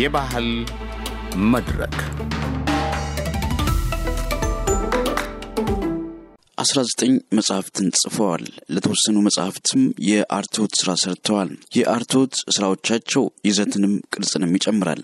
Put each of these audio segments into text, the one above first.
የባህል መድረክ 19 መጽሐፍትን ጽፈዋል። ለተወሰኑ መጽሐፍትም የአርቶት ስራ ሰርተዋል። የአርቶት ስራዎቻቸው ይዘትንም ቅርጽንም ይጨምራል።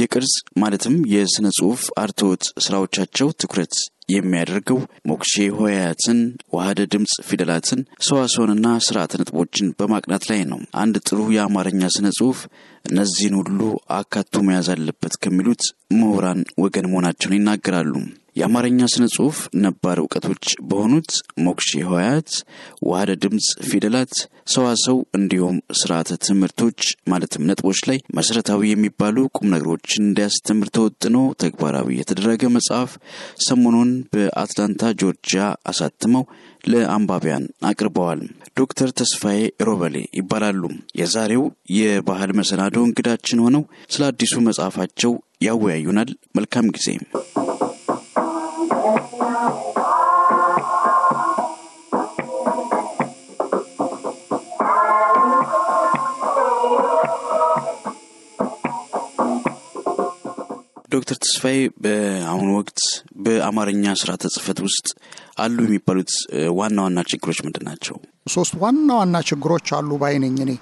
የቅርጽ ማለትም የሥነ ጽሑፍ አርትዖት ሥራዎቻቸው ትኩረት የሚያደርገው ሞክሼ ሆያያትን፣ ዋህደ ድምፅ ፊደላትን፣ ሰዋስውንና ስርዓተ ነጥቦችን በማቅናት ላይ ነው። አንድ ጥሩ የአማርኛ ስነ ጽሑፍ እነዚህን ሁሉ አካቶ መያዝ አለበት ከሚሉት ምሁራን ወገን መሆናቸውን ይናገራሉ። የአማርኛ ስነ ጽሁፍ ነባር እውቀቶች በሆኑት ሞክሼ ህዋያት፣ ዋህደ ድምፅ፣ ፊደላት፣ ሰዋሰው እንዲሁም ስርዓተ ትምህርቶች ማለትም ነጥቦች ላይ መሰረታዊ የሚባሉ ቁም ነገሮችን እንዲያስተምር ተወጥኖ ተግባራዊ የተደረገ መጽሐፍ ሰሞኑን በአትላንታ ጆርጂያ አሳትመው ለአንባቢያን አቅርበዋል። ዶክተር ተስፋዬ ሮበሌ ይባላሉ። የዛሬው የባህል መሰናዶ እንግዳችን ሆነው ስለ አዲሱ መጽሐፋቸው ያወያዩናል። መልካም ጊዜ። ዶክተር ተስፋዬ በአሁኑ ወቅት በአማርኛ ስርዓተ ጽህፈት ውስጥ አሉ የሚባሉት ዋና ዋና ችግሮች ምንድን ናቸው? ሶስት ዋና ዋና ችግሮች አሉ ባይነኝ። እኔ።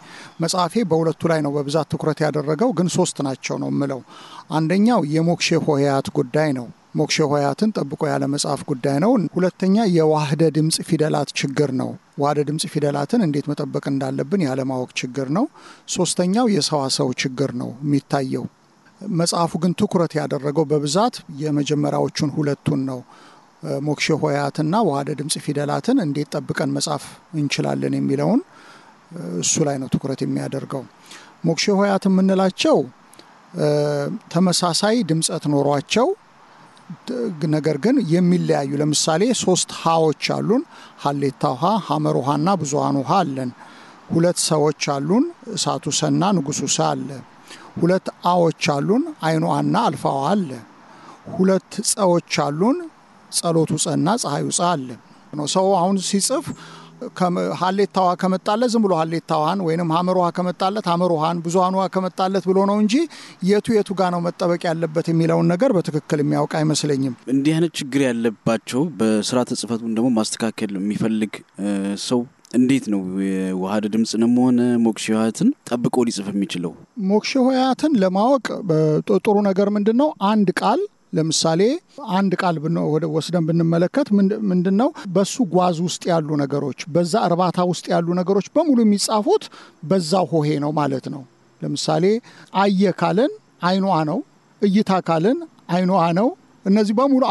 መጽሐፌ በሁለቱ ላይ ነው በብዛት ትኩረት ያደረገው፣ ግን ሶስት ናቸው ነው የምለው። አንደኛው የሞክሼ ሆሄያት ጉዳይ ነው። ሞክሼ ሆሄያትን ጠብቆ ያለ መጽሐፍ ጉዳይ ነው። ሁለተኛ የዋህደ ድምፅ ፊደላት ችግር ነው። ዋህደ ድምፅ ፊደላትን እንዴት መጠበቅ እንዳለብን ያለማወቅ ችግር ነው። ሶስተኛው የሰዋሰው ችግር ነው የሚታየው መጽሐፉ ግን ትኩረት ያደረገው በብዛት የመጀመሪያዎቹን ሁለቱን ነው። ሞክሼ ሆያትና ዋህደ ድምፅ ፊደላትን እንዴት ጠብቀን መጻፍ እንችላለን የሚለውን እሱ ላይ ነው ትኩረት የሚያደርገው። ሞክሼ ሆያት የምንላቸው ተመሳሳይ ድምፀት ኖሯቸው ነገር ግን የሚለያዩ ለምሳሌ ሶስት ሀዎች አሉን። ሀሌታ ውሃ፣ ሀመር ውሃና ብዙሀን ውሃ አለን። ሁለት ሰዎች አሉን። እሳቱ ሰና ንጉሱ ሰ አለ። ሁለት አዎች አሉን አይኑ አና አልፋዋ አለ። ሁለት ጸዎች አሉን ጸሎቱ ጸና ፀሐዩ ጸ አለ ነው። ሰው አሁን ሲጽፍ ሀሌታዋ ከመጣለት ዝም ብሎ ሀሌታዋን ወይም ሀመር ውሃ ከመጣለት ሀመር ውሃን ብዙሀን ውሃ ከመጣለት ብሎ ነው እንጂ የቱ የቱ ጋ ነው መጠበቅ ያለበት የሚለውን ነገር በትክክል የሚያውቅ አይመስለኝም። እንዲህ አይነት ችግር ያለባቸው በስርዓተ ጽሕፈቱን ደግሞ ማስተካከል የሚፈልግ ሰው እንዴት ነው የዋህድ ድምፅንም ሆነ ሞክሼ ህወሓትን ጠብቆ ሊጽፍ የሚችለው? ሞክሼ ህወሓትን ለማወቅ ጥሩ ነገር ምንድን ነው? አንድ ቃል ለምሳሌ አንድ ቃል ወስደን ብንመለከት ምንድን ነው በሱ ጓዝ ውስጥ ያሉ ነገሮች፣ በዛ እርባታ ውስጥ ያሉ ነገሮች በሙሉ የሚጻፉት በዛ ሆሄ ነው ማለት ነው። ለምሳሌ አየ ካለን አይኗ ነው፣ እይታ ካለን አይኗ ነው። እነዚህ በሙሉ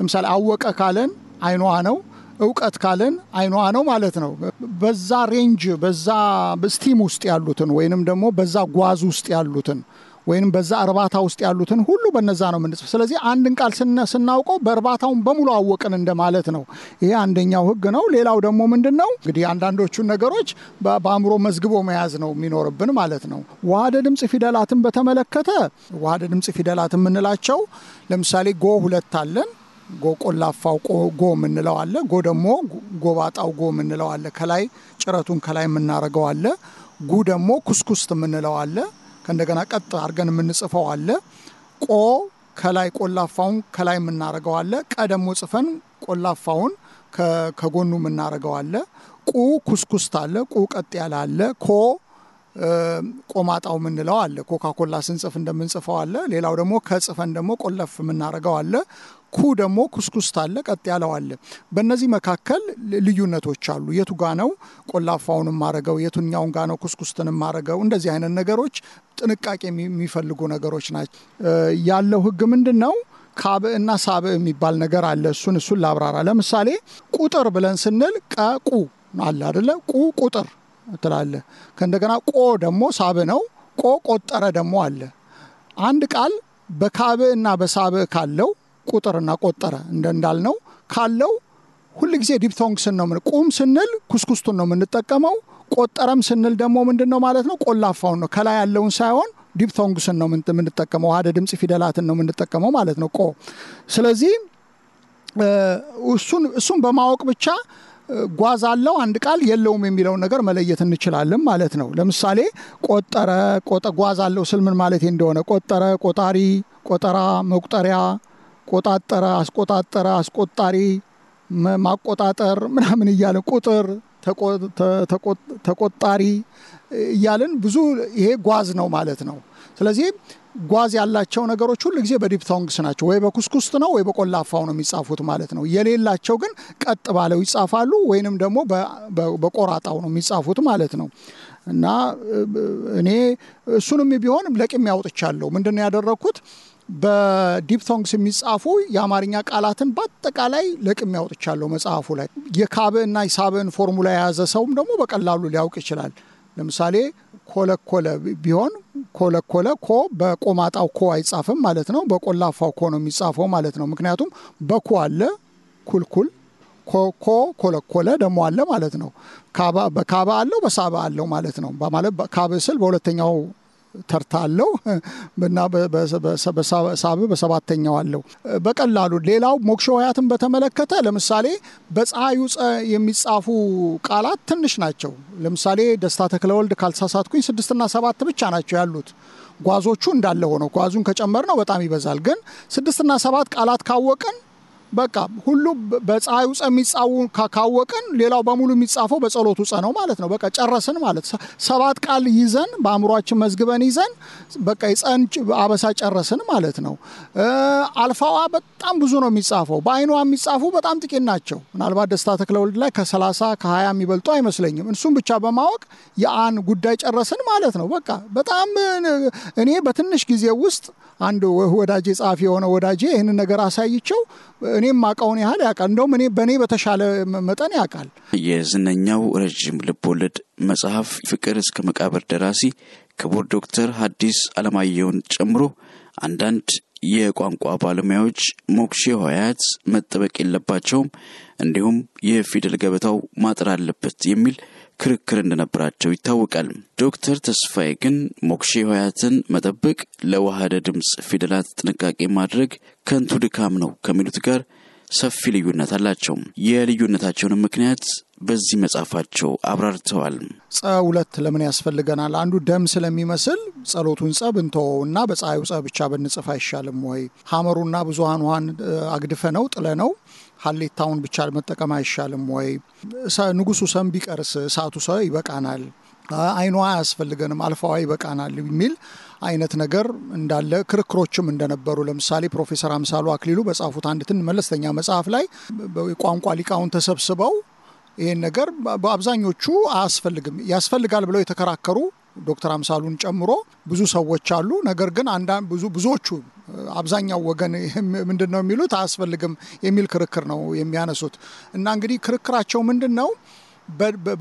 ለምሳሌ አወቀ ካለን አይኗ ነው እውቀት ካለን አይኗ ነው ማለት ነው። በዛ ሬንጅ በዛ ስቲም ውስጥ ያሉትን ወይንም ደግሞ በዛ ጓዝ ውስጥ ያሉትን ወይም በዛ እርባታ ውስጥ ያሉትን ሁሉ በነዛ ነው የምንጽፍ። ስለዚህ አንድን ቃል ስናውቀው በእርባታውን በሙሉ አወቅን እንደማለት ነው። ይሄ አንደኛው ህግ ነው። ሌላው ደግሞ ምንድን ነው እንግዲህ አንዳንዶቹን ነገሮች በአእምሮ መዝግቦ መያዝ ነው የሚኖርብን ማለት ነው። ዋህደ ድምፅ ፊደላትን በተመለከተ ዋህደ ድምፅ ፊደላት የምንላቸው ለምሳሌ ጎ ሁለት አለን ጎቆላፋው ጎ የምንለው አለ። ጎ ደግሞ ጎባጣው ጎ የምንለው አለ። ከላይ ጭረቱን ከላይ የምናረገው አለ። ጉ ደግሞ ኩስኩስት የምንለው አለ። ከእንደገና ቀጥ አድርገን የምንጽፈው አለ። ቆ ከላይ ቆላፋውን ከላይ የምናረገው አለ። ቀ ደግሞ ጽፈን ቆላፋውን ከጎኑ የምናረገው አለ። ቁ ኩስኩስት አለ። ቁ ቀጥ ያለ አለ። ኮ ቆማጣው የምንለው አለ። ኮካኮላ ስንጽፍ እንደምንጽፈው አለ። ሌላው ደግሞ ከጽፈን ደግሞ ቆለፍ የምናረገው አለ። ኩ ደግሞ ኩስኩስት አለ፣ ቀጥ ያለው አለ። በእነዚህ መካከል ልዩነቶች አሉ። የቱ ጋ ነው ቆላፋውን ማረገው፣ የቱኛውን ጋ ነው ኩስኩስትን ማረገው? እንደዚህ አይነት ነገሮች ጥንቃቄ የሚፈልጉ ነገሮች ናቸው። ያለው ህግ ምንድን ነው? ካብእ እና ሳብእ የሚባል ነገር አለ። እሱን እሱን ላብራራ። ለምሳሌ ቁጥር ብለን ስንል ቀቁ አለ አደለ? ቁ ቁጥር ትላለ። ከእንደገና ቆ ደግሞ ሳብእ ነው። ቆ ቆጠረ ደግሞ አለ። አንድ ቃል በካብእ እና በሳብእ ካለው ቁጥርና ቆጠረ እንዳልነው ካለው ሁልጊዜ ዲፕቶንግስን ነው። ቁም ስንል ኩስኩስቱን ነው የምንጠቀመው። ቆጠረም ስንል ደግሞ ምንድን ነው ማለት ነው? ቆላፋውን ነው ከላይ ያለውን ሳይሆን ዲፕቶንግስን ነው የምንጠቀመው። አደ ድምፅ ፊደላትን ነው የምንጠቀመው ማለት ነው። ቆ ስለዚህ እሱን በማወቅ ብቻ ጓዝ አለው አንድ ቃል የለውም የሚለውን ነገር መለየት እንችላለን ማለት ነው። ለምሳሌ ቆጠረ፣ ጓዝ አለው ስልምን ማለት እንደሆነ ቆጠረ፣ ቆጣሪ፣ ቆጠራ፣ መቁጠሪያ ቆጣጠረ፣ አስቆጣጠረ፣ አስቆጣሪ፣ ማቆጣጠር ምናምን እያለ ቁጥር፣ ተቆጣሪ እያልን ብዙ ይሄ ጓዝ ነው ማለት ነው። ስለዚህ ጓዝ ያላቸው ነገሮች ሁሉ ጊዜ በዲፕቶንግስ ናቸው። ወይ በኩስኩስት ነው ወይ በቆላፋው ነው የሚጻፉት ማለት ነው። የሌላቸው ግን ቀጥ ባለው ይጻፋሉ ወይንም ደግሞ በቆራጣው ነው የሚጻፉት ማለት ነው። እና እኔ እሱንም ቢሆን ለቅሜ አውጥቻለሁ። ምንድን ነው ያደረግኩት? በዲፕቶንግስ የሚጻፉ የአማርኛ ቃላትን በአጠቃላይ ለቅም ያውጥቻለሁ መጽሐፉ ላይ። የካብ እና የሳብዕን ፎርሙላ የያዘ ሰውም ደግሞ በቀላሉ ሊያውቅ ይችላል። ለምሳሌ ኮለኮለ ቢሆን ኮለኮለ ኮ በቆማጣው ኮ አይጻፍም ማለት ነው። በቆላፋው ኮ ነው የሚጻፈው ማለት ነው። ምክንያቱም በኮ አለ ኩልኩል ኮ ኮለኮለ ደግሞ አለ ማለት ነው። በካባ አለው በሳባ አለው ማለት ነው። ማለት ካብ ስል በሁለተኛው ተርታ አለው እና ሳብ በሰባተኛው አለው። በቀላሉ ሌላው ሞክሾ ሀያትን በተመለከተ ለምሳሌ በፀሐዩ የሚጻፉ ቃላት ትንሽ ናቸው። ለምሳሌ ደስታ ተክለወልድ ካልሳሳትኩኝ ስድስትና ሰባት ብቻ ናቸው ያሉት። ጓዞቹ እንዳለ ሆነው ጓዙን ከጨመር ነው በጣም ይበዛል። ግን ስድስትና ሰባት ቃላት ካወቅን በቃ ሁሉ በፀሐዩ ውፀ የሚጻው ካወቅን ሌላው በሙሉ የሚጻፈው በጸሎት ውፀ ነው ማለት ነው። በቃ ጨረስን ማለት ሰባት ቃል ይዘን በአእምሯችን መዝግበን ይዘን በቃ የፀን አበሳ ጨረስን ማለት ነው። አልፋዋ በጣም ብዙ ነው የሚጻፈው። በአይኗ የሚጻፉ በጣም ጥቂት ናቸው። ምናልባት ደስታ ተክለወልድ ላይ ከ30 ከ20 የሚበልጡ አይመስለኝም። እሱም ብቻ በማወቅ የአን ጉዳይ ጨረስን ማለት ነው። በቃ በጣም እኔ በትንሽ ጊዜ ውስጥ አንድ ወዳጄ ጸሐፊ የሆነ ወዳጄ ይህንን ነገር አሳይቸው እኔም ማቀውን ያህል ያውቃል። እንደውም እኔ በእኔ በተሻለ መጠን ያውቃል። የዝነኛው ረዥም ልቦለድ መጽሐፍ ፍቅር እስከ መቃብር ደራሲ ክቡር ዶክተር ሀዲስ አለማየሁን ጨምሮ አንዳንድ የቋንቋ ባለሙያዎች ሞክሼ ሆያት መጠበቅ የለባቸውም፣ እንዲሁም የፊደል ገበታው ማጥር አለበት የሚል ክርክር እንደነበራቸው ይታወቃል። ዶክተር ተስፋዬ ግን ሞክሼ ህዋያትን መጠበቅ፣ ለዋህደ ድምፅ ፊደላት ጥንቃቄ ማድረግ ከንቱ ድካም ነው ከሚሉት ጋር ሰፊ ልዩነት አላቸው። የልዩነታቸውንም ምክንያት በዚህ መጽሐፋቸው አብራርተዋል። ሁለት ለምን ያስፈልገናል? አንዱ ደም ስለሚመስል ጸሎቱን ጸብ እና በፀሐዩ ጸ ብቻ ብንጽፍ አይሻልም ወይ? ሀመሩና ብዙሀን ውሃን አግድፈ ነው ጥለ ነው ሀሌታውን ብቻ መጠቀም አይሻልም ወይ? ንጉሱ ሰም ቢቀርስ እሳቱ ሰው ይበቃናል፣ አይኗ አያስፈልገንም፣ አልፋዋ ይበቃናል የሚል አይነት ነገር እንዳለ ክርክሮችም እንደነበሩ ለምሳሌ ፕሮፌሰር አምሳሉ አክሊሉ በጻፉት አንድ ትን መለስተኛ መጽሐፍ ላይ ቋንቋ ሊቃውን ተሰብስበው ይህን ነገር በአብዛኞቹ አያስፈልግም ያስፈልጋል ብለው የተከራከሩ ዶክተር አምሳሉን ጨምሮ ብዙ ሰዎች አሉ። ነገር ግን አንዳንድ ብዙ ብዙዎቹ አብዛኛው ወገን ምንድን ነው የሚሉት አያስፈልግም የሚል ክርክር ነው የሚያነሱት እና እንግዲህ ክርክራቸው ምንድን ነው?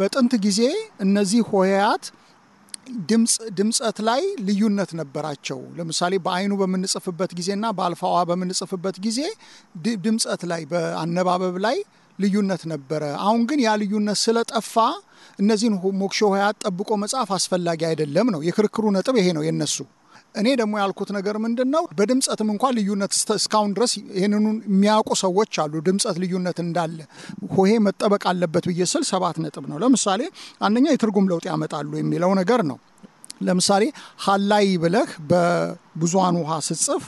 በጥንት ጊዜ እነዚህ ሆሄያት ድምፀት ላይ ልዩነት ነበራቸው። ለምሳሌ በአይኑ በምንጽፍበት ጊዜና በአልፋዋ በምንጽፍበት ጊዜ ድምፀት ላይ በአነባበብ ላይ ልዩነት ነበረ። አሁን ግን ያ ልዩነት ስለጠፋ እነዚህን ሞክሾ ሆሄያት ጠብቆ መጽሐፍ አስፈላጊ አይደለም ነው የክርክሩ ነጥብ። ይሄ ነው የነሱ። እኔ ደግሞ ያልኩት ነገር ምንድን ነው፣ በድምፀትም እንኳን ልዩነት እስካሁን ድረስ ይህንኑ የሚያውቁ ሰዎች አሉ። ድምፀት ልዩነት እንዳለ ሆሄ መጠበቅ አለበት ብዬ ስል ሰባት ነጥብ ነው። ለምሳሌ አንደኛ የትርጉም ለውጥ ያመጣሉ የሚለው ነገር ነው። ለምሳሌ ሀላይ ብለህ በብዙሃን ውሃ ስጽፍ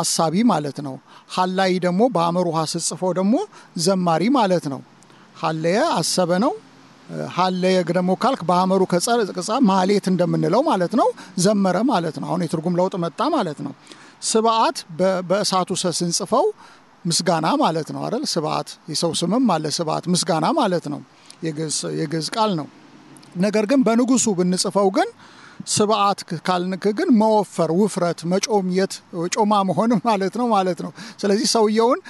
አሳቢ ማለት ነው። ሀላይ ደግሞ በሐመር ውሃ ስጽፈው ደግሞ ዘማሪ ማለት ነው። ሀለየ አሰበ ነው። ሀለየ ደግሞ ካልክ በሐመሩ ከጸር ማሌት እንደምንለው ማለት ነው። ዘመረ ማለት ነው። አሁን የትርጉም ለውጥ መጣ ማለት ነው። ስብአት በእሳቱ ሰ ስንጽፈው ምስጋና ማለት ነው አይደል? ስብአት የሰው ስምም አለ ስብአት ምስጋና ማለት ነው። የግዕዝ ቃል ነው። ነገር ግን በንጉሱ ብንጽፈው ግን ስብዓት ካልንክ ግን መወፈር፣ ውፍረት፣ መጮምየት፣ ጮማ መሆን ማለት ነው ማለት ነው። ስለዚህ ሰውየውን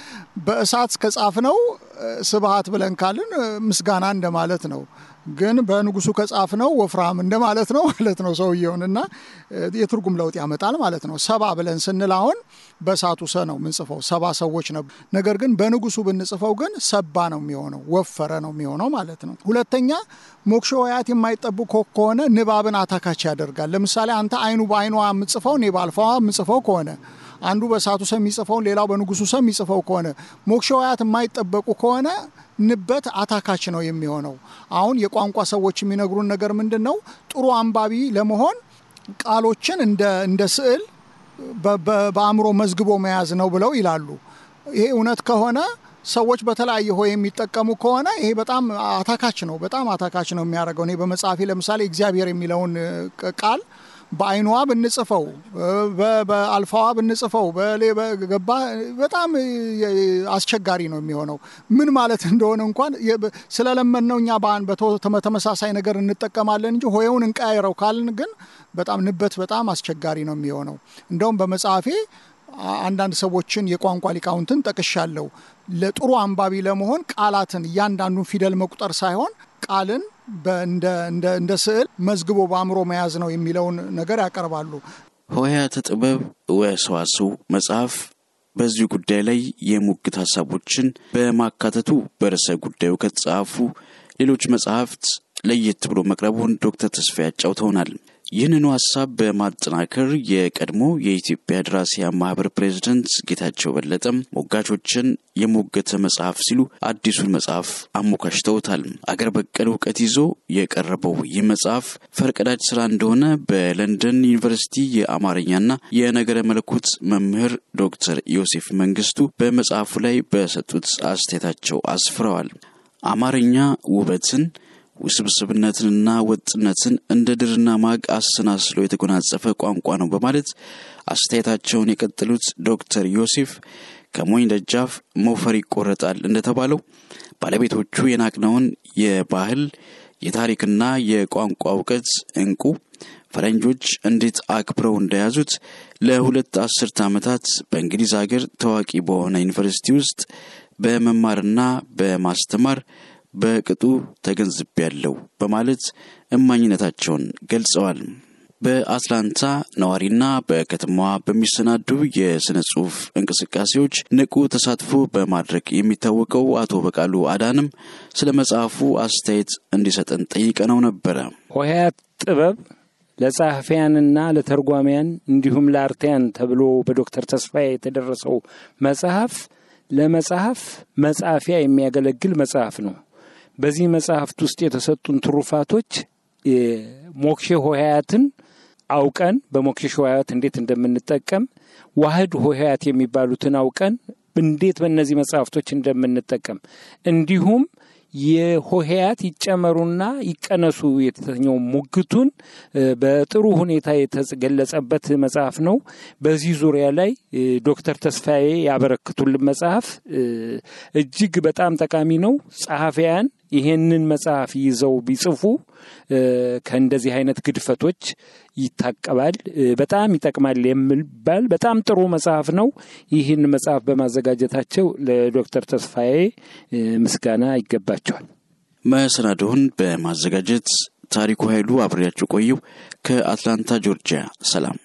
በእሳት ከጻፍ ነው ስብዓት ብለን ካልን ምስጋና እንደማለት ነው። ግን በንጉሱ ከጻፍ ነው ወፍራም እንደማለት ነው ማለት ነው ሰውየውን የትርጉም ለውጥ ያመጣል ማለት ነው። ሰባ ብለን ስንል አሁን በሳቱ ሰ ነው ምንጽፈው ሰባ ሰዎች ነው ነገር ግን በንጉሱ ብንጽፈው ግን ሰባ ነው የሚሆነው ወፈረ ነው የሚሆነው ማለት ነው። ሁለተኛ ሞክሾ ወያት የማይጠብቅ ከሆነ ንባብን አታካች ያደርጋል። ለምሳሌ አንተ አይኑ በአይኗ የምጽፈው እኔ ባልፋዋ የምጽፈው ከሆነ አንዱ በሳቱ ሰ የሚጽፈውን ሌላው በንጉሱ ሰ የሚጽፈው ከሆነ ሞክሾ ወያት የማይጠበቁ ከሆነ ንበት አታካች ነው የሚሆነው። አሁን የቋንቋ ሰዎች የሚነግሩን ነገር ምንድን ነው? ጥሩ አንባቢ ለመሆን ቃሎችን እንደ ስዕል በአእምሮ መዝግቦ መያዝ ነው ብለው ይላሉ። ይሄ እውነት ከሆነ ሰዎች በተለያየ ሆ የሚጠቀሙ ከሆነ ይሄ በጣም አታካች ነው፣ በጣም አታካች ነው የሚያደርገው። እኔ በመጽሐፌ ለምሳሌ እግዚአብሔር የሚለውን ቃል በአይኗ ብንጽፈው በአልፋዋ ብንጽፈው ገባ በጣም አስቸጋሪ ነው የሚሆነው። ምን ማለት እንደሆነ እንኳን ነው እኛ በተመሳሳይ ነገር እንጠቀማለን እንጂ ሆየውን እንቀያይረው ካልን ግን በጣም ንበት በጣም አስቸጋሪ ነው የሚሆነው። እንደውም በመጽሐፌ አንዳንድ ሰዎችን የቋንቋ ሊቃውንትን ጠቅሻለሁ። ለጥሩ አንባቢ ለመሆን ቃላትን እያንዳንዱን ፊደል መቁጠር ሳይሆን ቃልን እንደ ስዕል መዝግቦ በአእምሮ መያዝ ነው የሚለውን ነገር ያቀርባሉ። ሆሄያተ ጥበብ ወሰዋስው መጽሐፍ በዚህ ጉዳይ ላይ የሙግት ሀሳቦችን በማካተቱ በርዕሰ ጉዳዩ ከተጻፉ ሌሎች መጽሐፍት ለየት ብሎ መቅረቡን ዶክተር ተስፋ ያጫውተውናል። ይህንኑ ሀሳብ በማጠናከር የቀድሞ የኢትዮጵያ ድራሲያ ማህበር ፕሬዝደንት ጌታቸው በለጠም ሞጋቾችን የሞገተ መጽሐፍ ሲሉ አዲሱን መጽሐፍ አሞካሽተውታል። አገር በቀል እውቀት ይዞ የቀረበው ይህ መጽሐፍ ፈርቀዳጅ ስራ እንደሆነ በለንደን ዩኒቨርሲቲ የአማርኛና የነገረ መለኮት መምህር ዶክተር ዮሴፍ መንግስቱ በመጽሐፉ ላይ በሰጡት አስተያየታቸው አስፍረዋል። አማርኛ ውበትን ውስብስብነትንና ወጥነትን እንደ ድርና ማግ አሰናስሎ የተጎናጸፈ ቋንቋ ነው በማለት አስተያየታቸውን የቀጠሉት ዶክተር ዮሴፍ ከሞኝ ደጃፍ ሞፈር ይቆረጣል እንደተባለው ባለቤቶቹ የናቅነውን የባህል የታሪክና የቋንቋ እውቀት እንቁ ፈረንጆች እንዴት አክብረው እንደያዙት ለሁለት አስርት ዓመታት በእንግሊዝ ሀገር ታዋቂ በሆነ ዩኒቨርሲቲ ውስጥ በመማርና በማስተማር በቅጡ ያለው በማለት እማኝነታቸውን ገልጸዋል። በአትላንታ ነዋሪና በከተማዋ በሚሰናዱ የሥነ ጽሑፍ እንቅስቃሴዎች ንቁ ተሳትፎ በማድረግ የሚታወቀው አቶ በቃሉ አዳንም ስለ መጽሐፉ አስተያየት እንዲሰጠን ጠይቀነው ነበረ። ሆሄያት ጥበብ ለጸሐፊያንና ለተርጓሚያን እንዲሁም ለአርታያን ተብሎ በዶክተር ተስፋዬ የተደረሰው መጽሐፍ ለመጽሐፍ መጻፊያ የሚያገለግል መጽሐፍ ነው። በዚህ መጽሐፍት ውስጥ የተሰጡን ትሩፋቶች ሞክሼ ሆሄያትን አውቀን በሞክሼ ሆሄያት እንዴት እንደምንጠቀም ዋህድ ሆሄያት የሚባሉትን አውቀን እንዴት በእነዚህ መጽሐፍቶች እንደምንጠቀም እንዲሁም የሆሄያት ይጨመሩና ይቀነሱ የተሰኘው ሙግቱን በጥሩ ሁኔታ የተገለጸበት መጽሐፍ ነው። በዚህ ዙሪያ ላይ ዶክተር ተስፋዬ ያበረክቱልን መጽሐፍ እጅግ በጣም ጠቃሚ ነው። ጸሐፊያን ይሄንን መጽሐፍ ይዘው ቢጽፉ ከእንደዚህ አይነት ግድፈቶች ይታቀባል፣ በጣም ይጠቅማል የሚባል በጣም ጥሩ መጽሐፍ ነው። ይህን መጽሐፍ በማዘጋጀታቸው ለዶክተር ተስፋዬ ምስጋና ይገባቸዋል። መሰናዶውን በማዘጋጀት ታሪኩ ኃይሉ አብሬያቸው ቆየው። ከአትላንታ ጆርጂያ ሰላም።